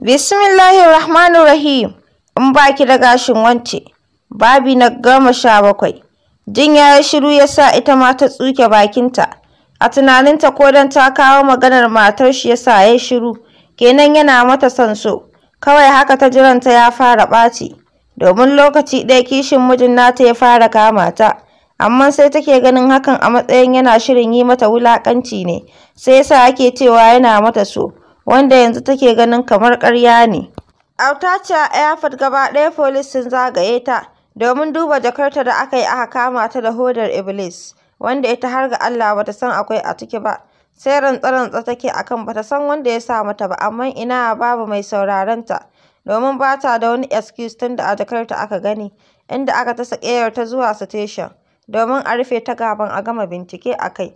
Bismillahirrahmanirrahim. In baki da gashin wance. Babi na gama sha bakwai. Jin ya yi shiru ya sa ita ma ta tsuke bakinta. A tunaninta ko don ta kawo maganar matar shi ya sa ya shiru. Kenan yana mata son so. Kawai haka ta jiranta ya fara ɓaci. Domin lokaci ɗaya kishin mijin nata ya fara kama ta. Amma sai take ganin hakan a matsayin yana shirin yi mata wulaƙanci ne. Sai yasa ake cewa yana mata so. wanda yanzu take ganin kamar ƙarya ne. Autaciya Airport gaba ɗaya polis sun zagaye ta domin duba jakarta da aka yi aka kama ta da hodar Iblis, wanda ita har ga Allah bata san akwai a ciki ba. Sai rantsa-rantsa take akan bata san wanda ya sa mata ba, amma ina babu mai sauraron ta. domin ba ta da wani excuse tun da a jakarta aka gani, inda aka ta sakeyar ta zuwa station domin a rufe ta gaban a gama bincike a kai.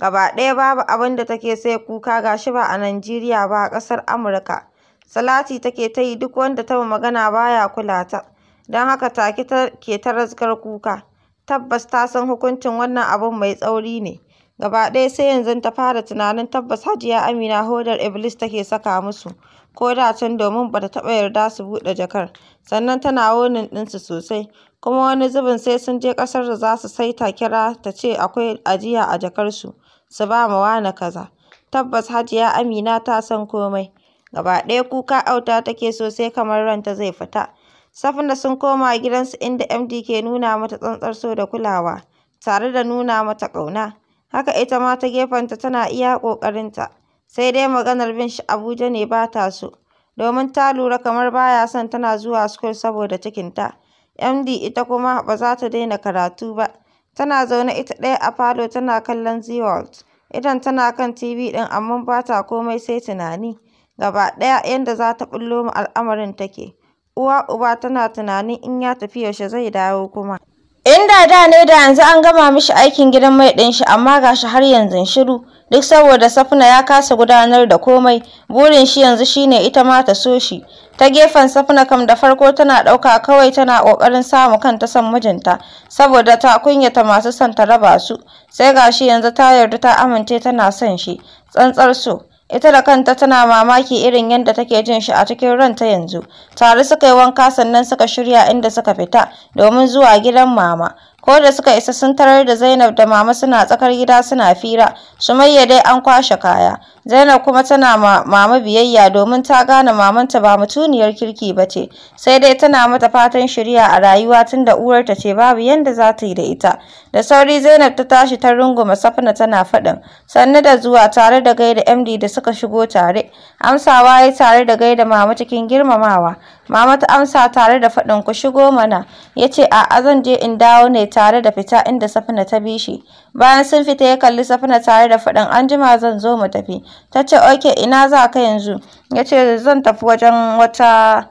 Gaba ɗaya babu abin da take sai kuka ga shi ba a Najeriya ba a ƙasar Amurka. Salati take ta yi duk wanda ta ma magana ba ya kula ta, don haka take ke ta razgar kuka. Tabbas ta san hukuncin wannan abin mai tsauri ne. Gaba ɗaya sai yanzu ta fara tunanin tabbas Hajiya Amina hodar Iblis take saka musu, ko da tun domin ba ta taɓa yarda su buɗe jakar, sannan tana wonin ɗinsu sosai. kuma wani zubin sai sun je ƙasar da za su sai ta kira ta ce akwai ajiya a jakarsu su ba ma wane kaza. Tabbas Hajiya Amina ta san komai. Gaba ɗaya kuka auta take so sai kamar ranta zai fita. Safina sun koma gidansu inda MD ke nuna mata tsantsar so da kulawa, tare da nuna mata ƙauna. Haka ita ma ta gefenta tana iya ƙoƙarinta, sai dai maganar bin shi Abuja ne ba ta so, domin ta lura kamar ba ya son tana zuwa school saboda cikinta. MD ita kuma ba za ta daina karatu ba, tana zaune ita ɗaya a falo tana kallon Zee idan tana kan TV ɗin amma ba ta komai sai tunani, gaba ɗaya yadda za ta ɓullo ma al'amarin take, uwa uba tana tunanin in ya tafi yaushe zai dawo kuma. Inda da ne da yanzu an gama mishi aikin gidan mai ɗin shi amma ga shi har yanzu shiru. duk saboda Safna ya kasa gudanar da komai burin shi yanzu shine ita ma ta so shi ta gefen Safna kam da farko tana ɗauka kawai tana ƙoƙarin samu kanta son mijinta saboda ta kunyata masu son ta raba su sai gashi yanzu ta yarda ta amince tana son shi tsantsar so ita da kanta tana mamaki irin yadda take jin shi a cikin ranta yanzu tare suka yi wanka sannan suka shirya inda suka fita domin zuwa gidan mama ko da suka isa sun tarar da Zainab da mama suna tsakar gida suna fira Sumayya dai an kwashe kaya Zainab kuma tana ma mama biyayya domin ta gane mamanta ba mutuniyar kirki ba ce, sai dai tana mata fatan shirya a rayuwa tunda ta ce babu yanda za ta yi da ita. Da sauri Zainab ta tashi ta runguma Safna tana fadin. sannu da zuwa tare da gaida MD da suka shigo tare. Amsawa yayi tare da gaida mama cikin girmamawa. Mama ta amsa tare da faɗin ku shigo mana, yace ce a'a zan je in dawo ne tare da fita inda Safna ta bi shi. bayan sun fita ya kalli safina tare da faɗin an jima zan zo mu tafi ta ce oke ina za ka yanzu ya ce zan tafi wajen wata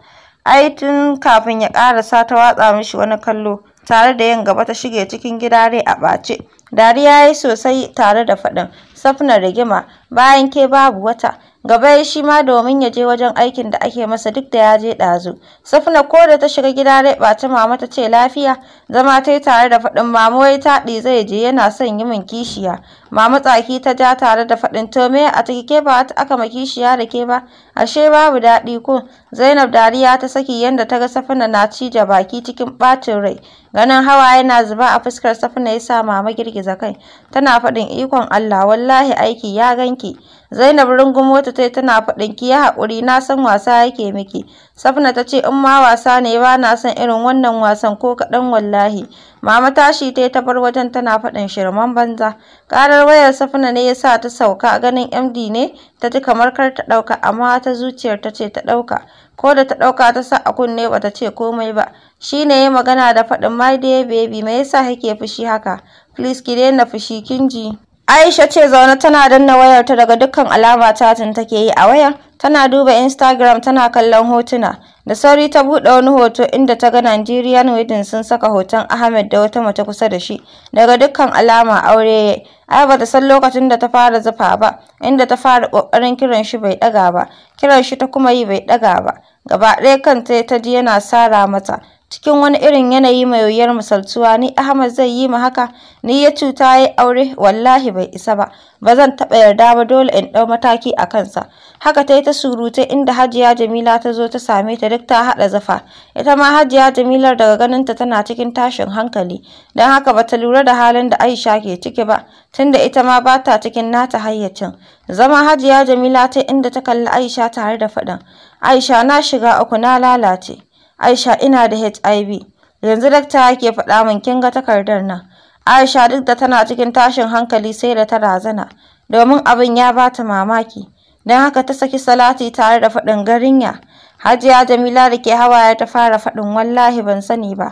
ai kafin ya ƙarasa ta watsa mishi wani kallo tare da yin gaba ta shige cikin gida rai a ɓace dariya ya yi sosai tare da faɗin safina rigima bayan ke babu wata Gaba ya shi ma domin ya je wajen aikin da ake masa duk da ya je ɗazu. Safna ko da ta shiga gida rai, ɓaci mama ta ce lafiya, zama ta yi tare da faɗin mama wai taɗi zai je yana son yi min kishiya. Mama tsaki ta ja tare da faɗin to me a take ke ba aka maki shiya da ke ba ashe babu daɗi ko Zainab dariya ta saki yanda ta ga Safina na cije baki cikin ɓacin rai ganin hawa yana zuba a fuskar Safina ya sa mama girgiza kai tana faɗin ikon Allah wallahi aiki ya ganki Zainab rungumo ta tai tana faɗin ki ya haƙuri na san wasa yake miki Safina ta ce in ma wasa ne ba na son irin wannan wasan ko kaɗan wallahi Mama tashi ta ta bar wajen tana faɗin shirman banza. Karar wayar safina ne ya sa ta sauka ganin MD ne ta ji kamar kar ta ɗauka amma ta zuciyar ta ce ta ɗauka. Ko da ta ɗauka ta sa a kunne ba ta ce komai ba. Shi ne ya magana da faɗin my dear baby me yasa yake fushi haka? Please ki daina fushi kin ji. Aisha ce zaune tana danna wayarta daga dukkan alama chatin take yi a wayar. Tana duba Instagram tana kallon hotuna. Da sauri ta buɗe wani hoto inda ta ga Nigerian Wedding sun saka hoton Ahmed da wata mace kusa da shi. Daga dukkan alama aure ya ai ba ta san lokacin da ta fara zufa ba, inda ta fara ƙoƙarin kiran shi bai ɗaga ba, kiran shi ta kuma yi bai ɗaga ba. Gaba ɗaya kanta ta ji yana sara mata. cikin wani irin yanayi mai wuyar misaltuwa ni Ahmad zai yi ma haka ni ya cuta ya aure wallahi bai isa ba ba zan taɓa yarda ba dole in ɗau mataki a kansa haka ta yi ta surute inda Hajiya Jamila ta zo ta same ta duk ta haɗa zafa ita ma Hajiya Jamilar daga ganinta tana cikin tashin hankali don haka bata lura da halin da Aisha ke ciki ba tunda ita ma ba ta cikin nata hayyacin zama Hajiya Jamila ta inda ta kalli Aisha tare da faɗin Aisha na shiga uku na lalace Aisha ina da HIV. Yanzu dakta yake faɗa min kin ga takardar nan. Aisha duk da tana cikin tashin hankali sai da ta razana domin abin ya bata mamaki. Don haka ta saki salati tare da faɗin garinya. Hajiya Jamila da ke hawa ya ta fara faɗin wallahi ban sani ba.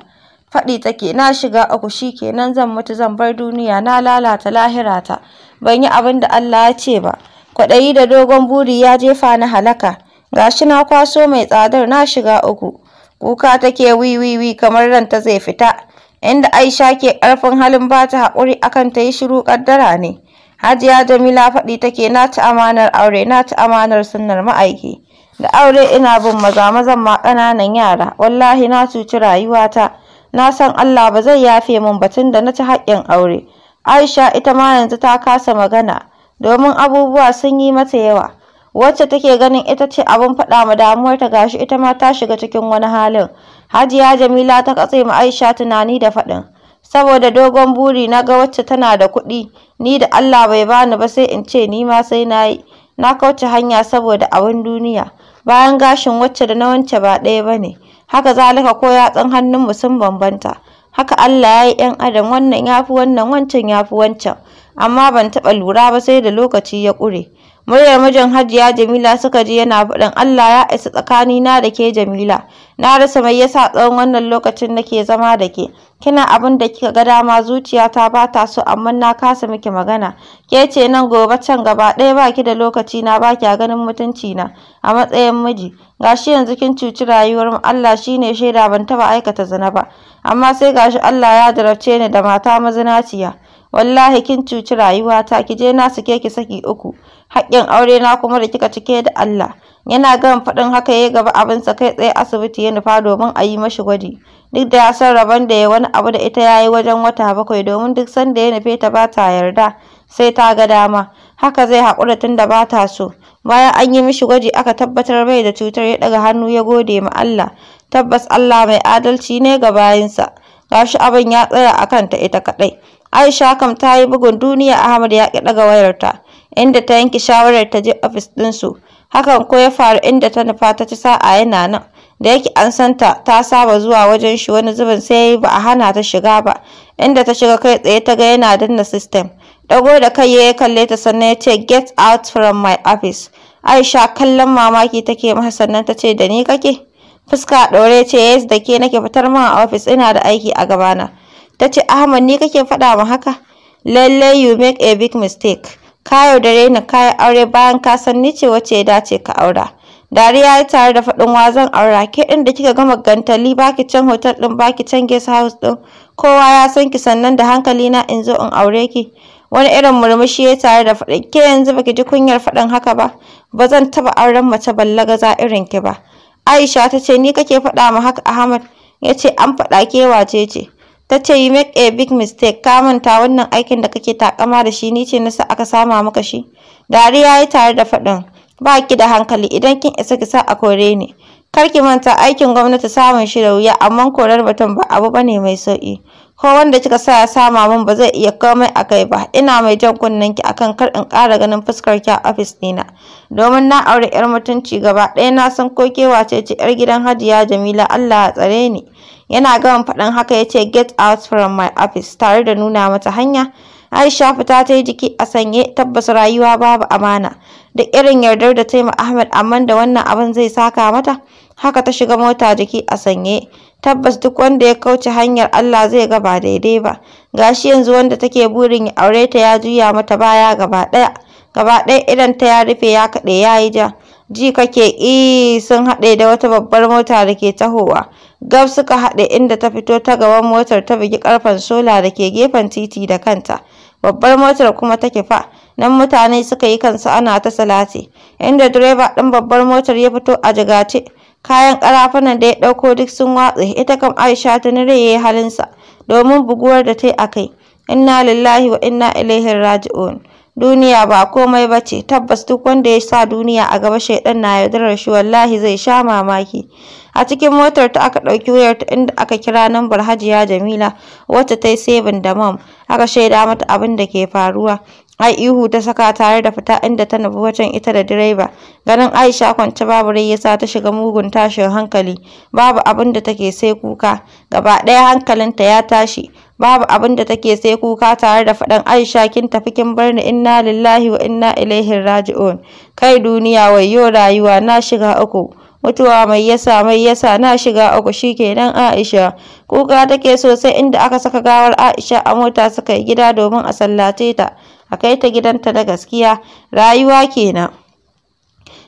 Faɗi take na shiga uku shi kenan zan mutu zan bar duniya na lalata lahirata. Ban yi abin da Allah ya ce ba. Kwaɗayi da dogon buri ya jefa ni halaka. Gashi na kwaso mai tsadar na shiga uku. kuka take wiwiwi kamar ranta zai fita inda aisha ke ƙarfin halin ba ta haƙuri akan ta yi shiru ƙaddara ne hajiya jamila faɗi take na ta amanar aure na ta amanar sunnar ma'aiki da aure ina bin maza mazan ma ƙananan yara wallahi na cuci rayuwata na san allah ba zai yafe min batun da na ci haƙƙin aure aisha ita ma yanzu ta kasa magana domin abubuwa sun yi mata yawa wacce take ganin ita ce abin faɗa ma damuwarta gashi ita ma ta shiga cikin wani halin. Hajiya Jamila ta katse ma Aisha tunani da faɗin. Saboda dogon buri na ga wacce tana da kuɗi, ni da Allah bai bani ba sai in ce ni ma sai na yi. Na kauce hanya saboda abin duniya. Bayan gashin wacce da na wance ba ɗaya ba ne. Haka zalika ko yatsun hannunmu sun bambanta. Haka Allah ya yi ‘yan adam wannan ya fi wannan wancan ya fi wancan. Amma ban taɓa lura ba sai da lokaci ya ƙure. muryar mijin hajiya jamila suka ji yana faɗin allah ya isa tsakani na da ke jamila na rasa mai yasa tsawon wannan lokacin nake zama da ke kina abin da kika ga dama zuciyata ba ta so amma na kasa miki magana ke ce nan gobe can gaba ɗaya ba ki da lokaci na ba kya ganin mutunci na a matsayin miji gashi yanzu kin cuci rayuwar mu allah shine shaida ban taɓa aikata zina ba amma sai gashi allah ya jarabce ni da mata mazinaciya wallahi kin cuci rayuwata ki je na sake ki saki uku haƙƙin aure na kuma da kika cike da Allah yana gan faɗin haka ya gaba abin sa kai tsaye asibiti ya nufa domin a yi mashi gwaji duk da ya san rabon da ya wani abu da ita ya yi wajen wata bakwai domin duk sanda ya nufe ta ba ta yarda sai ta ga dama haka zai haƙura tun da ba ta so bayan an yi mishi gwaji aka tabbatar bai da cutar ya ɗaga hannu ya gode ma Allah tabbas Allah mai adalci ne ga bayinsa gashi abin ya tsaya a kanta ita kaɗai Aisha kam ta yi bugun duniya Ahmad ya ƙi ɗaga wayarta, inda ta yanke shawarar ta je ofis ɗinsu. Hakan ko ya faru inda ta nufa ta ci sa'a yana nan. Da yake an santa ta saba zuwa wajen shi wani zubin sai ba a hana ta shiga ba, inda ta shiga kai tsaye ta ga yana danna system. dago da kai ya kalle ta sannan ya ce get out from my office. Aisha kallon mamaki take masa sannan ta ce da ni kake? Fuska ɗaure ce yes da ke nake fitar ma a ofis ina da aiki a gabana. ta ce ahmad ni kake faɗa ma haka lalle you make a big mistake ka yaudare ni kayan aure bayan ka san ni ce wacce ya dace ka aura Dariya ya tare da faɗin wazan aura ke ɗin da kika gama gantali baki can hotel ɗin baki can guest house ɗin kowa ya san ki sannan da hankali na in zo in aure ki wani irin murmushi ya tare da faɗin ke yanzu baki ji kunyar faɗin haka ba ba zan taɓa auren mace za irin ki ba Aisha ta ce ni kake faɗa ma haka Ahmad ya ce an faɗa ke wace ce ta ce you make a big mistake ka manta wannan aikin da kake takama da shi ni ce nasa aka sama maka shi dariya ya tare da faɗin ba ki da hankali idan kin isa ki sa a kore ni kar ki manta aikin gwamnati samun shi da wuya amma korar batun ba abu bane mai sauki ko wanda kika sa ya sama min ba zai iya komai a kai ba ina mai jan kunnen ki akan kar in ƙara ganin fuskar ki a ofis dina domin na aure yar mutunci gaba ɗaya na san ko ke wace ce yar gidan Hajiya Jamila Allah ya tsare ni yana gama faɗin haka ya ce get out from my office tare da nuna mata hanya Aisha fita ta yi jiki a sanye tabbas rayuwa babu amana duk irin yardar da ta yi Ahmed amma da wannan abin zai saka mata haka ta shiga mota jiki a sanye tabbas duk wanda ya kauce hanyar Allah zai ga ba daidai ba gashi yanzu wanda take burin ya aure ta ya juya mata baya gaba ɗaya gaba ɗaya idan ta ya rufe ya kaɗe yayi yi ja ji kake i sun haɗe da wata babbar mota da ke tahowa gab suka haɗe inda ta fito ta gaban motar ta bugi karfan sola da ke gefen titi da kanta babbar motar kuma ta fa. nan mutane suka yi kansu ana ta salati inda direba ɗin babbar motar ya fito a jigace kayan karafunan da ya ɗauko duk sun watse ita kam aisha ta nire ya yi halinsa domin buguwar da ta yi a kai inna lillahi wa inna ilaihi raji'un duniya ba komai ba ce tabbas duk wanda ya sa duniya a gaba shaidan na yaudarar shi wallahi zai sha mamaki a cikin motar ta aka ɗauki wayar ta inda aka kira nambar hajiya jamila wacce ta yi sebin da mam aka shaida mata abin da ke faruwa Ai ihu ta saka tare da fita inda ta nufi wajen ita da direba. Ganin Aisha kwance babu rai yasa ta shiga mugun tashin hankali. Babu abin da take sai kuka. Gaba ɗaya hankalinta ya tashi. Babu abin da take sai kuka tare da faɗan Aisha kin tafi kin bar ni inna lillahi wa inna ilaihi raji'un. Kai duniya wayyo rayuwa na shiga uku. mutuwa mai yasa mai yasa na shiga uku shikenan Aisha kuka take sosai inda aka saka gawar Aisha a mota suka yi gida domin a sallace ta a kai ta gidanta na gaskiya rayuwa kenan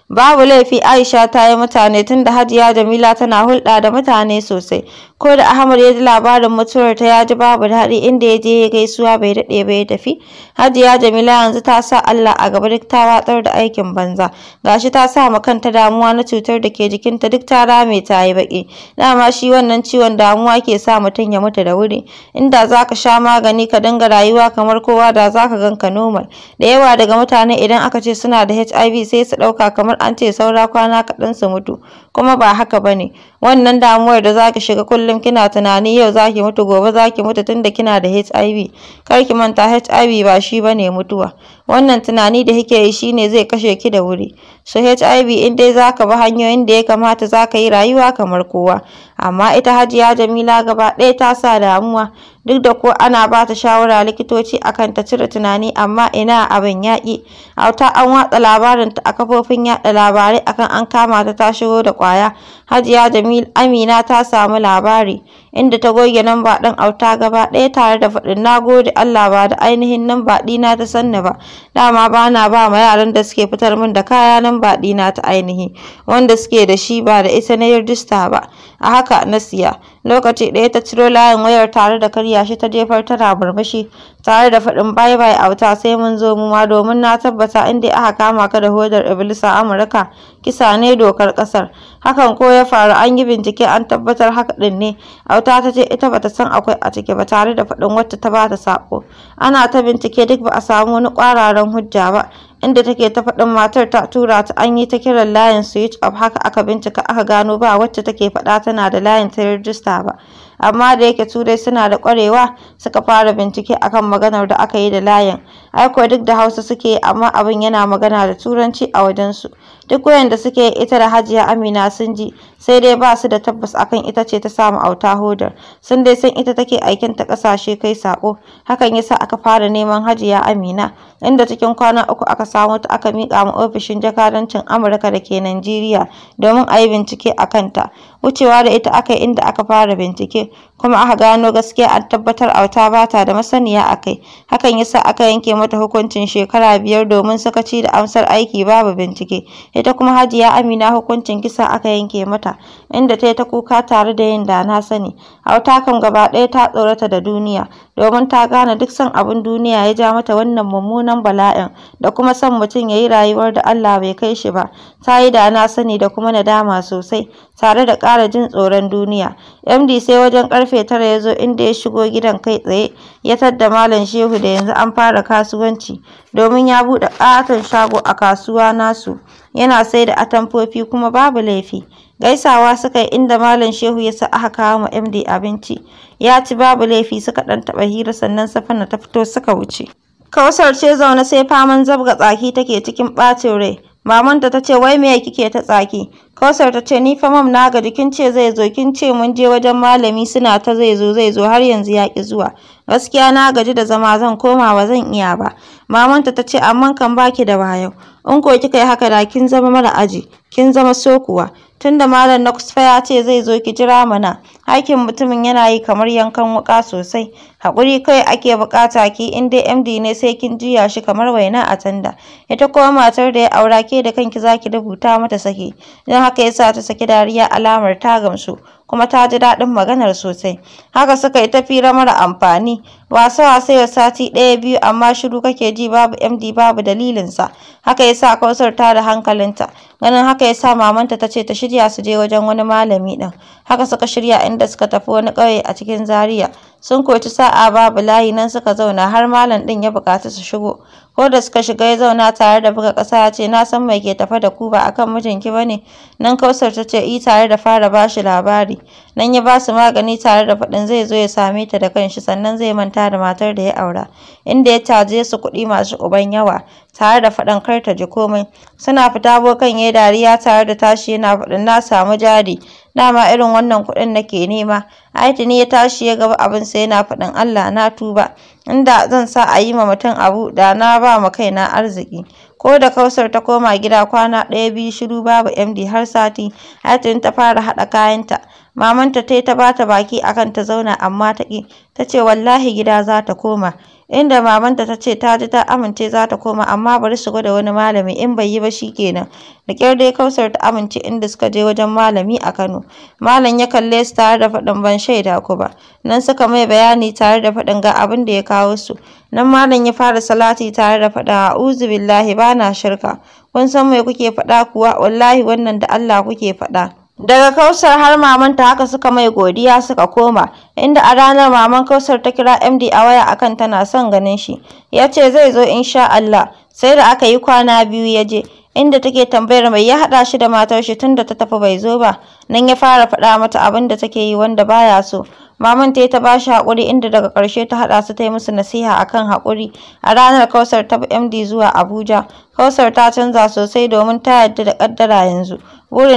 babu laifi Aisha ta yi mutane tunda Hajiya Jamila tana hulɗa da mutane sosai ko da Ahmad ya ji labarin mutuwar ta ya ji babu daɗi inda ya je ya gaisuwa bai daɗe ba ya tafi Hajiya Jamila yanzu ta sa Allah a gaba duk ta watsar da aikin banza gashi ta sa ma kanta damuwa na cutar da ke jikinta duk ta rame ta yi baki dama shi wannan ciwon damuwa ke sa mutum ya mutu da wuri inda zaka sha magani ka dinga rayuwa kamar kowa da zaka ganka normal da yawa daga mutane idan aka ce suna da HIV sai su ɗauka kamar an ce saura kwana kaɗan su mutu kuma ba haka bane wannan damuwar da zaki shiga kullum kina tunani yau zaki mutu gobe zaki mutu tunda kina da HIV kar ki manta HIV ba shi bane mutuwa wannan tunani da kike yi shine zai kashe ki da wuri so HIV in dai zaka bi hanyoyin da ya kamata zaka yi rayuwa kamar kowa amma ita hajiya jamila gaba ɗaya ta sa damuwa duk da ko ana ba ta shawara likitoci akan ta cire tunani amma ina abin yaƙi auta an watsa labarin ta a kafofin yaɗa labarai akan an kama ta ta shigo da ƙwaya hajiya jamil amina ta samu labari inda ta goge namba ɗin auta gaba ɗaya tare da faɗin na gode allah ba da ainihin namba ɗina ta sanna ba dama ba na ba ma yaran da suke fitar min da kaya namba ɗina ta ainihi wanda suke da shi ba da ita na rijista ba a haka na siya lokaci ɗaya ta ciro layin wayar tare da karya shi ta jefar tana burmushi tare da faɗin bye bye auta sai mun zo mu ma domin na tabbata in aka kama ka da hodar iblisa amurka kisa ne dokar ƙasar hakan ko ya faru an yi bincike an tabbatar haka ɗin ne auta ta ce ita bata san akwai a ciki ba tare da faɗin wacce ta bata sako ana ta bincike duk ba a samu wani kwararen hujja ba inda take ta faɗin matar ta tura ta an yi ta kiran layin switch of haka aka bincika aka gano ba wacce take faɗa tana da layin ta rijista 好吧。amma da yake turai suna da kwarewa suka fara bincike akan maganar da aka yi da layin aiko duk da hausa suke amma abin yana magana da turanci a wajensu duk wayanda suke ita da hajiya amina sun ji sai dai ba su da tabbas akan ita ce ta samu auta hodar sun dai san ita take aikin ta kasashe kai sako hakan yasa aka fara neman hajiya amina inda cikin kwana uku aka samu ta aka mika mu ofishin jakarancin amurka da ke najeriya domin a yi bincike a kanta wucewa da ita aka inda aka fara bincike kuma aka gano gaskiya an tabbatar auta ba ta da masaniya a kai hakan yasa aka yanke mata hukuncin shekara biyar domin sakaci da amsar aiki babu bincike ita kuma hajiya amina hukuncin kisa aka yanke mata inda ta yi ta kuka tare da yin da na sani auta kan gaba ɗaya ta tsorata da duniya domin ta gane duk san abin duniya ya ja mata wannan mummunan bala'in da kuma son mutum ya yi rayuwar da Allah bai kai shi ba ta yi da na sani da kuma nadama sosai tare da ƙara jin tsoron duniya md sai wajen bayan karfe tara ya zo inda ya shigo gidan kai tsaye ya tadda Malam Shehu da yanzu an fara kasuwanci domin ya buɗe ƙaton shago a kasuwa nasu yana sai da atamfofi kuma babu laifi. Gaisawa suka yi inda Malam Shehu ya sa aka kawo ma MD abinci ya ci babu laifi suka ɗan taɓa hira sannan Safana ta fito suka wuce. Kausar ce zaune sai faman zabga tsaki take cikin ɓacin rai. Mamanta ta ce wai meye kike ta tsaki? Kausar ta ce ni fa mam na gaji kin ce zai zo kin ce mun je wajen malami suna ta zai zo zai zo har yanzu ya ki zuwa. Gaskiya na gaji da zama zan koma ba zan iya ba. Mamanta ta ce amma kan baki da wayo. In ko kika yi haka da kin zama mara aji, kin zama so kuwa. Tunda malam na ya ce zai zo ki jira mana. Hakin mutumin yana yi kamar yankan wuka sosai. Hakuri kai ake bukata ki in dai MD ne sai kin jiya shi kamar waina a tanda. Ita kuma matar da ya aura ke da kanki zaki rubuta mata saki. Don haka yasa ta saki dariya alamar ta gamsu. kuma ta ji daɗin maganar sosai haka suka yi tafira mara amfani wasa wasa yau sati ɗaya biyu amma shiru kake ji babu md babu dalilinsa haka yasa kausar ta da hankalinta ganin haka ya sa mamanta ta ce ta shirya su je wajen wani malami ɗin haka suka shirya inda suka tafi wani ƙauye a cikin zaria sun koci sa'a babu layi nan suka zauna har malam ɗin ya buƙaci su shigo ko da suka shiga ya zauna tare da buga ƙasa ya ce na san mai ke tafe da ku ba akan mijinki ba ne nan kausar ta ce i tare da fara bashi labari nan ya ba su magani tare da faɗin zai zo ya same ta da kanshi sannan zai manta da matar da ya aura inda ya caje su kuɗi masu uban yawa tare da faɗin kar ta ji komai suna fita bokan ya dariya tare da tashi yana faɗin na samu jari dama irin wannan kuɗin nake nema aitini ya tashi ya gaba abin sai yana faɗin Allah na tuba inda zan sa a yi ma mutum abu da na ba ma kaina arziki ko da Kausar ta koma gida kwana ɗaya biyu shiru babu MD har sati, hatin ta fara haɗa kayanta. Mamanta ta ta bata baki akan ta zauna amma ta ƙi, ta ce wallahi gida za ta koma. inda mamanta ta ce ta ji ta amince za ta koma amma bari su gwada wani malami in bai yi ba shi kenan. Da kyar dai Kausar ta amince inda suka je wajen malami a Kano. Malam ya kalle su tare da faɗin ban shaida ku ba. Nan suka mai bayani tare da faɗin ga abin da ya kawo su. Nan malam ya fara salati tare da faɗa a'udhu billahi bana shirka. Kun san me kuke faɗa kuwa wallahi wannan da Allah kuke faɗa. Daga Kausar har mamanta haka suka mai godiya suka koma, inda a ranar maman Kausar ta kira MD a waya akan tana son ganin shi. Ya ce zai zo insha Allah, sai da aka yi kwana biyu ya je, inda take tambayar mai ya haɗa shi da matar shi tunda ta tafi bai zo ba. Nan ya fara faɗa mata abin da take yi wanda baya so. Maman ta ta bashi haƙuri inda daga ƙarshe ta haɗa su ta yi musu nasiha akan haƙuri. A ranar Kausar ta MD zuwa Abuja. Kausar ta canza sosai domin ta yarda da ƙaddara yanzu.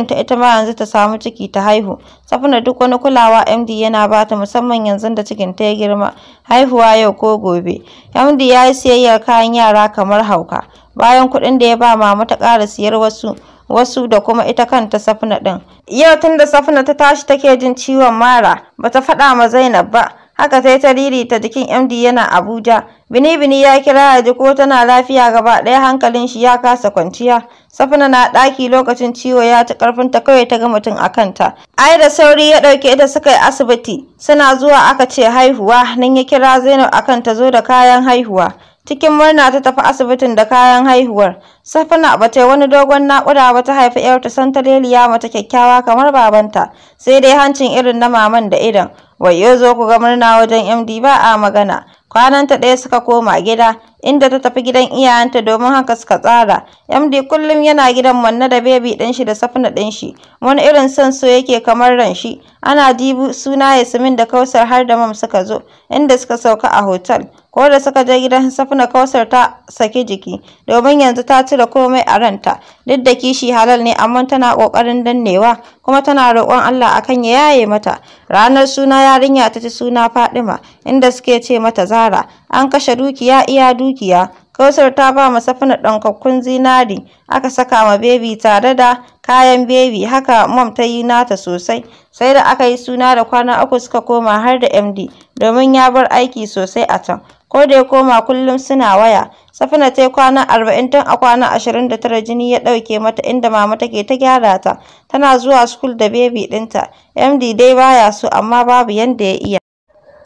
ta ita ma yanzu ta samu ciki ta haihu safina duk wani kulawa md yana bata musamman yanzu da cikin ta girma haihuwa yau ko gobe md ya yi siyayyar kayan yara kamar hauka bayan kuɗin da ya ba mama ta ƙara siyar wasu wasu da kuma ita kanta safina ɗin yau tunda da safina ta tashi take jin ciwon mara bata faɗa ma zainab ba haka sai ta jikin MD yana Abuja. Bini-bini ya kira ya ji ko tana lafiya gaba ɗaya hankalin shi ya kasa kwanciya. Safina na ɗaki lokacin ciwo ya ci ta kawai ta ga mutum a kanta. Ai da sauri ya ɗauke ita suka yi asibiti. Suna zuwa aka ce haihuwa nan ya kira Zainab akan ta zo da kayan haihuwa. Cikin murna ta tafi asibitin da kayan haihuwar. Safina ba ta yi wani dogon naƙuda ba ta haifi ‘yarta Santaleliya mata kyakkyawa kamar babanta, sai dai hancin irin na maman da idon. Wayyo zo ku ga murna wajen MD ba a magana. Kwananta ɗaya suka koma gida, inda ta tafi gidan iyayenta domin haka suka tsara. MD kullum yana gidan manne da bebi ɗin shi da safna ɗin shi. Wani irin son so yake kamar ran shi. Ana dibu suna Yasmin da Kausar har da mam suka zo, inda suka sauka a hotel. ko da suka je gidan safna kausar ta saki jiki domin yanzu ta cire komai a ranta duk da kishi halal ne amma tana kokarin dannewa kuma tana roƙon Allah akan ya yaye mata ranar suna yarinya ta ci suna Fadima inda suke ce mata Zara an kashe dukiya iya dukiya tunkiya. Kausar ta ba ma safina ɗankakkun zinari aka saka ma bebi tare da kayan bebi haka mom ta yi nata sosai. Sai da aka yi suna da kwana uku suka koma har da MD domin ya bar aiki sosai a can. Ko da ya koma kullum suna waya. Safina ta yi kwana arba'in tun a kwana ashirin da tara jini ya ɗauke mata inda mama take ta gyara ta. Tana zuwa school da bebi ɗinta. MD dai baya so amma babu yanda ya iya.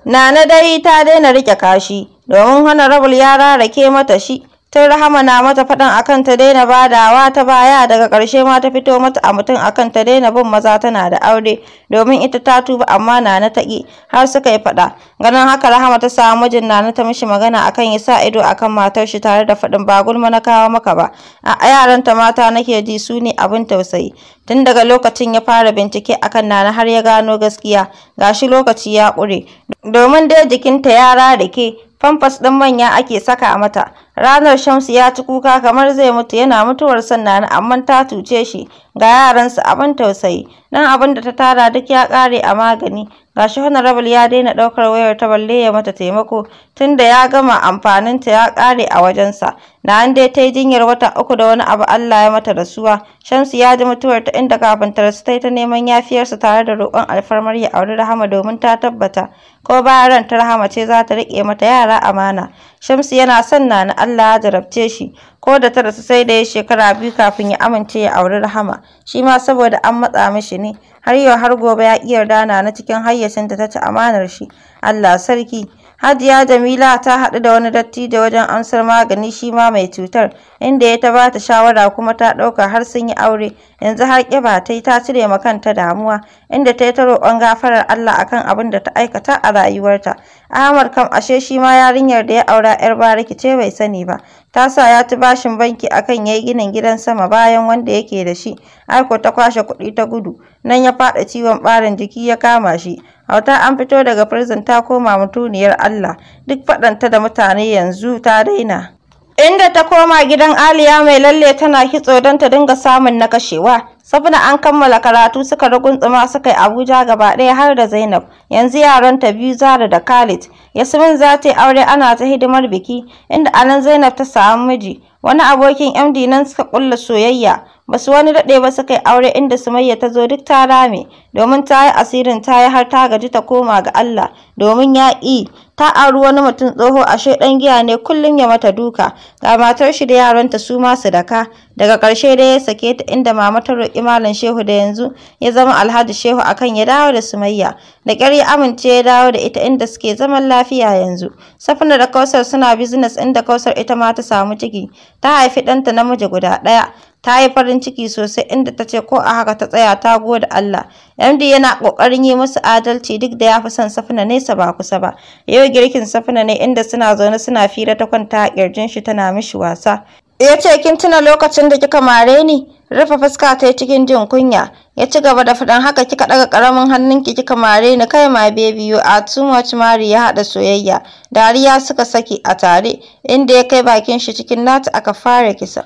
Nana dai ta daina riƙe kashi. domin rabul ya rarake mata shi tun rahama na mata faɗan akan ta daina badawa ta baya daga ƙarshe ma ta fito mata a mutum akan ta daina bin maza tana da aure domin ita ta tuba amma na na taƙi. har suka yi faɗa ganin haka rahama ta samu mijin na na ta mishi magana akan ya sa ido akan matar shi tare da faɗin ba gulma na kawo maka ba a yaranta mata nake ji su ne abin tausayi tun daga lokacin ya fara bincike akan nana har ya gano gaskiya gashi lokaci ya ƙure domin dai jikinta ya rarake famfas ɗin manya ake saka mata. Ranar Shamsu ya ci kuka kamar zai mutu yana mutuwar son Nana amma ta cuce shi ga yaransa abin tausayi. Nan abin da ta tara duk ya ƙare a magani. Ga Gashi Honorable ya daina ɗaukar wayar ta balle ya mata taimako tunda ya gama amfaninta ya ƙare a wajensa. an dai ta yi jinyar wata uku da wani abu Allah ya mata rasuwa. Shamsu ya ji mutuwar ta inda kafin ta rasu ta yi ta neman yafiyarsa tare da roƙon alfarmar ya auri Rahama domin ta tabbata ko bayan ran ta Rahama ce za ta riƙe mata yara amana. Shamsu yana son na na Allah ya jarabce shi ko da ta rasu sai da ya shekara biyu kafin ya amince ya auri Rahama shi ma saboda an matsa mishi ne har yau har gobe ya iya dana na cikin cikin hayyacinta ta ci amanar shi Allah sarki. Hajiya Jamila ta haɗu da wani dattijo wajen amsar magani shi ma mai cutar inda ya ta bata shawara kuma ta ɗauka har sun yi aure yanzu har ƙiba ta yi ta cire ma kanta damuwa inda ta yi ta roƙon gafarar Allah akan abin da ta aikata a rayuwarta Ahmad kam ashe shi ma yarinyar da ya aura 'yar bariki ce bai sani ba ta sa ya ci bashin banki akan yayi ginin gidan sama bayan wanda yake da shi aiko ta kwashe kuɗi ta gudu nan ya faɗa ciwon ɓarin jiki ya kama shi hauta an fito daga prison ta koma mutuniyar Allah duk faɗanta da mutane yanzu ta daina inda ta koma gidan Aliya mai lalle tana kitso don ta dinga samun nakashewa. Sabna an kammala karatu suka ruguntsuma suka yi Abuja gaba ɗaya har da Zainab. Yanzu yaranta biyu Zara da Khalid. Yasmin za ta yi aure ana ta hidimar biki inda anan Zainab ta samu miji. Wani abokin MD nan suka kulla soyayya. Basu wani daɗe ba suka yi aure inda Sumayya ta zo duk ta rame domin ta yi asirin ta yi har ta gaji ta koma ga Allah domin ya yi Ta auri wani mutum tsoho ashe ɗan giya ne kullum ya mata duka. Ga matar shi da yaranta su ma su daka. daga ƙarshe dai ya sake ta inda mama ta roƙi malam shehu da yanzu ya zama alhaji shehu akan ya dawo da sumayya da ƙyar ya amince ya dawo da ita inda suke zaman lafiya yanzu safina da kausar suna business inda kausar ita ma ta samu ciki ta haifi ɗanta namiji guda ɗaya ta yi farin ciki sosai inda ta ce ko a haka ta tsaya ta gode Allah. MD yana ƙoƙarin yi musu adalci duk da ya fi son Safina nesa ba kusa ba. Yau girkin Safina ne inda suna zaune suna fira ta kwanta a ƙirjin shi tana mishi wasa. Ya ce kin tuna lokacin da kika mare ni? Rufe fuska ta yi cikin jin kunya. Ya ci gaba da faɗan haka kika ɗaga ƙaramin hannunki kika mare ni kai ma bebi yu a too much mari ya haɗa soyayya. Dariya suka saki a tare inda ya kai bakin shi cikin nata aka fara kisa.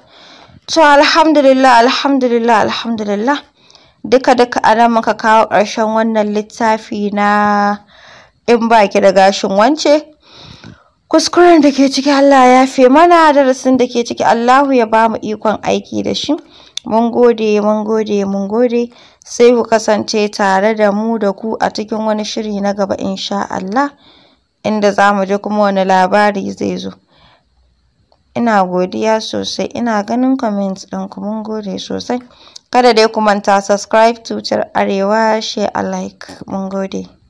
To alhamdulillah alhamdulillah alhamdulillah. Duka duka a nan muka kawo karshen wannan littafi na in baki da gashin wance kuskuren da ke ciki Allah ya fi mana darasin da ke ciki Allahu ya ba mu ikon aiki da shi mun gode mun gode mun gode sai ku kasance tare da mu da ku a cikin wani shiri na gaba insha Allah inda za mu ji kuma wani labari zai zo ina godiya sosai ina ganin comments ɗinku mun gode sosai kada dai ku manta subscribe tutar arewa share a like mun gode